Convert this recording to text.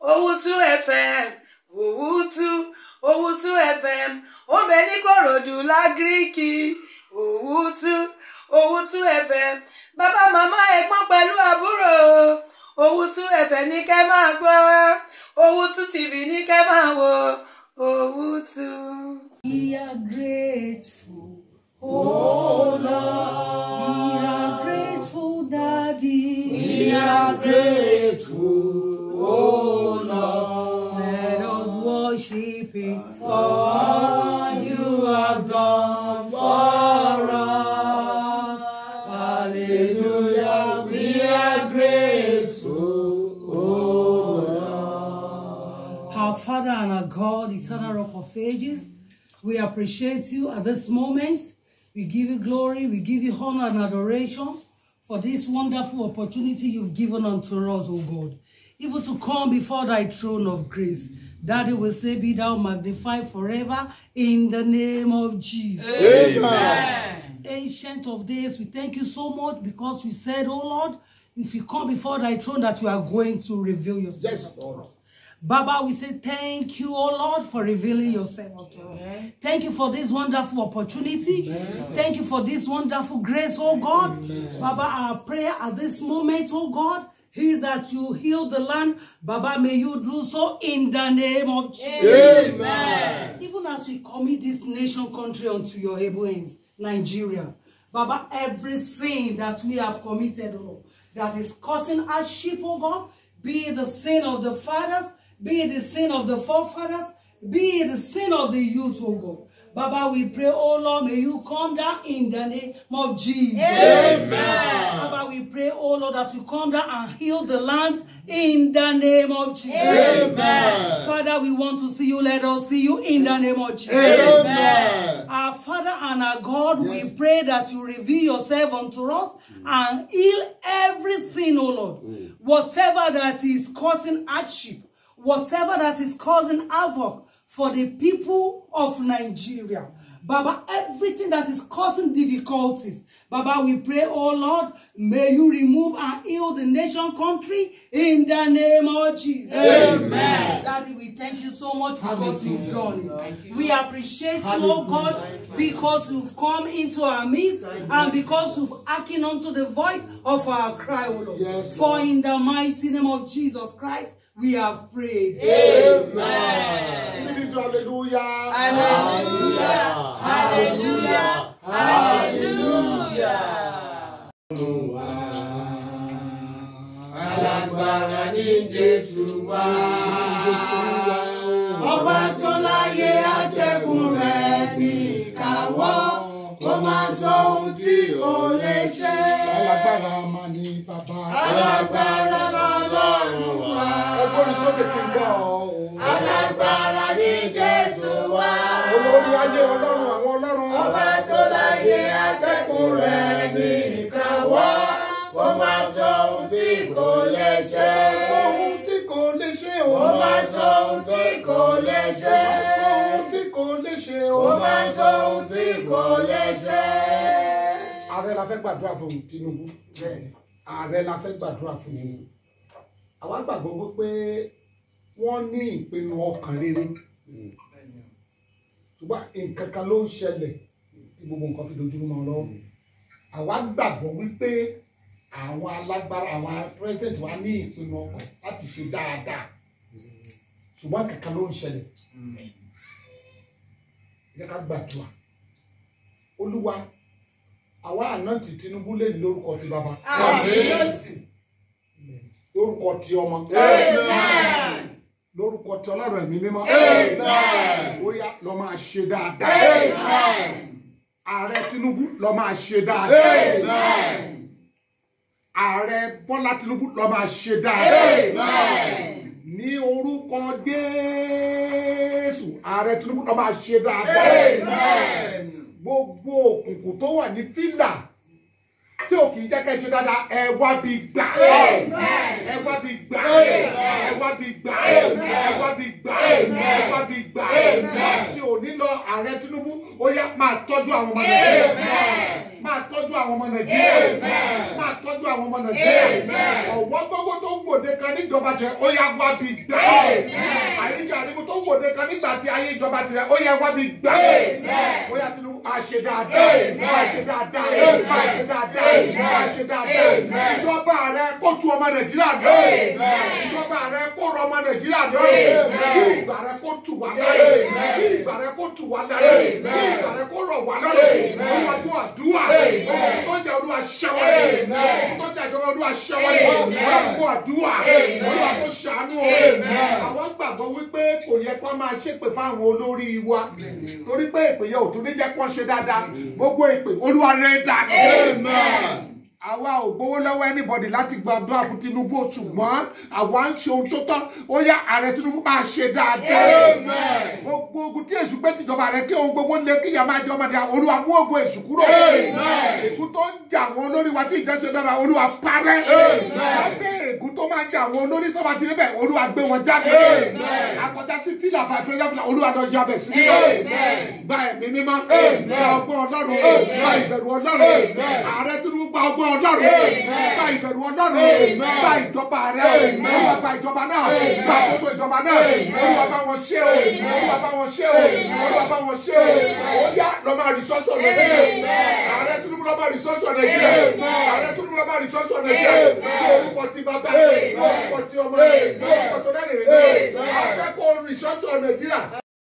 Owutu FM Owutu Owutu FM ó bẹ ní Kòròdú lágíríkì Owutu Owutu FM bàbá màmá ẹ̀gbọ́n pẹ̀lú àbúrò Owutu FM ní kẹ́ máa gbọ́ Owutu TV ní kẹ́ máa wò Owutu. We are grateful. Oh Lord, we are grateful, Daddy. We are grateful. of ages. We appreciate you at this moment. We give you glory, we give you honor and adoration for this wonderful opportunity you've given unto us, O God. Even to come before thy throne of grace. Daddy will say, be thou magnified forever in the name of Jesus. Amen. Ancient of days, we thank you so much because we said, oh Lord, if you come before thy throne that you are going to reveal yourself. Yes, Baba, we say thank you, oh Lord, for revealing yourself us. Thank you for this wonderful opportunity. Amen. Thank you for this wonderful grace, oh God. Amen. Baba, our prayer at this moment, oh God, he that you heal the land, Baba, may you do so in the name of Jesus. Amen. Even as we commit this nation country unto your able hands, Nigeria, Baba, every sin that we have committed, oh, Lord, that is causing hardship, oh God, be the sin of the fathers, be it the sin of the forefathers, be it the sin of the youth, O God. Baba, we pray, oh Lord, may you come down in the name of Jesus. Amen. Baba, we pray, oh Lord, that you come down and heal the lands in the name of Jesus. Amen. Father, we want to see you. Let us see you in the name of Jesus. Amen. Our Father and our God, yes. we pray that you reveal yourself unto us and heal everything, oh Lord. Mm. Whatever that is causing hardship, whatever that is causing havoc for the people of Nigeria. Baba, everything that is causing difficulties, Baba, we pray, oh Lord, may you remove and heal the nation country in the name of Jesus. Amen. Daddy, we thank you so much because you've done it. We appreciate you, oh God, because you've come into our midst and because you've acting unto the voice of our cry, oh Lord. Yes, Lord. For in the mighty name of Jesus Christ, we have prayed. Amen. Amen. Hallelujah. Hallelujah. Hallelujah! Hallelujah! Olúwa alágbára ni Jésù wá. Ọba tó láyé atẹ́gùn rẹ̀ ní ìkáwọ́. Mo máa sọ ohun tí kò lè ṣe. Alágbára ọmọ ni bàbá. Alágbára lọ́lọ́run wá. Ẹgbọ́n sókè kí n gbọ́. Alágbára ni Jésù wá. Olórí ayé ọlọ́run ọba tó láyé atẹ́kùn rẹ̀ ní ó máa sọ ohun tí kò lè ṣe. ohun tí kò lè ṣe o. ó máa sọ ohun tí kò lè ṣe. ohun tí kò lè ṣe o. ó máa sọ ohun tí kò lè ṣe. ààrẹ la fẹ́ gbàdúrà fún Tinubu ààrẹ la fẹ́ gbàdúrà fún yìí àwa gbàgbọ́ wípé wọ́n ní ìpinnu ọkàn rere hmm. ṣùgbọ́n nǹkan kan ló ń ṣẹlẹ̀ tí gbogbo nǹkan fi dojúrú mọ́ lọ́wọ́ mm. àwa gbàgbọ́ wípé àwọn alágbára àwọn president wa ní ìpinnu ọkàn láti ṣe dáadáa mm. ṣùgbọ́n kankan ló ń ṣẹlẹ̀ mm. ẹ ká gbàdúrà olúwa àwa àná ti Tinubu lè ní lórúkọ ti bàbá lórúkọ ti ọmọ lórúkọ ti Ọlọ́run ẹ̀mí mímọ́ ó yá máa ṣe dáadáa ààrẹ Tinubu lọ máa ṣe dáadáa ààrẹ Bọ́lá Tinubu lọ máa ṣe dáadáa ní orúkọ Jésù ààrẹ Tinubu lọ máa ṣe dáadáa gbogbo òkùnkùn tó wà ní fílà tí ò kì í jẹ́ kẹ́ ṣe dáadáa ẹ wá bí gbà ẹ máa tọ́jú àwọn ọmọ nàìjíríà máa tọ́jú àwọn ọmọ nàìjíríà máa tọ́jú àwọn ọmọ nàìjíríà kan níjọba tirẹ̀ ó yá wá bí gbé. àìríkì àríkù tó wòde kan nígbà tí ayé ìjọba tirẹ̀ ó yá wá bí gbé. ó yá Tinubu máa ṣe dáadáa máa ṣe dáadáa máa ṣe dáadáa máa ṣe dáadáa ìjọba rẹ kó tu ọmọ Nàìjíríà lọ ìjọba rẹ kó rọ ọmọ Nàìjíríà lọ kí ìgbà rẹ kó tù wá lálẹ́ kí ìgbà rẹ kó tù wá lálẹ́ kí ìgbà rẹ kó rọ̀ wá lálẹ́ ọmọ àdúrà ọmọ tó jẹ olúwa ṣẹwàlẹ ọmọ tó jẹ olúwa gbàgbọ́ wípé kò yẹ kó máa ṣépè fáwọn olórí wa torí pé èpè yẹn ò kó ṣe dáadáa gbogbo èpè olúwa rẹ̀ dànù àwa ò gbowó lọ́wọ́ anybody láti gba àdúrà fún Tinubu ṣùgbọ́n àwa ń ṣe ohun tó tọ́ ó yá ààrẹ Tinubu máa ṣe dáadáa gbogbo ogun tí èṣù gbé tìjọba rẹ kí ohun gbogbo lè kíyà máa jẹ ọmọdé Olúwa mú ogun èṣù kúrò èkú tó ń jà wọn lórí wa tí ìjẹ́sọ dára Olúwa parẹ́ lábẹ́ máa ń jà àwọn olórí tó bá ti níbẹ̀ olúwa gbé wọn jáde àkọjá sí fìlà fà ìpínlẹ̀ fìlà olúwa lọ yọ abẹ sí mi gba ẹ̀mí mímọ́ gba ọgbọ́n ọlọ́run gba ìbẹ̀rù ọlọ́run ààrẹ tún ọgbọ́n ọlọ́run gba ìbẹ̀rù ọlọ́run gba ìjọba rẹ olúwa gba ìjọba náà gba àkókò ìjọba náà olúwa bá wọn ṣe o olúwa bá wọn ṣe o olúwa bá wọn ṣe o ó yá lọ máa rí sọ́tọ̀ nàìjíríà ààrẹ Tinubu lọ máa rí sọ́tọ̀ nàìjíríà ààrẹ Tinubu lọ máa rí sọ́tọ̀ nàìjíríà ní orúkọ ti bàbá ní orúkọ ti ọmọ ní orúkọ tó dẹ́rẹ̀ rẹ̀ akẹ́kọ̀ọ́ rí sọ́tọ̀ nàìjíríà.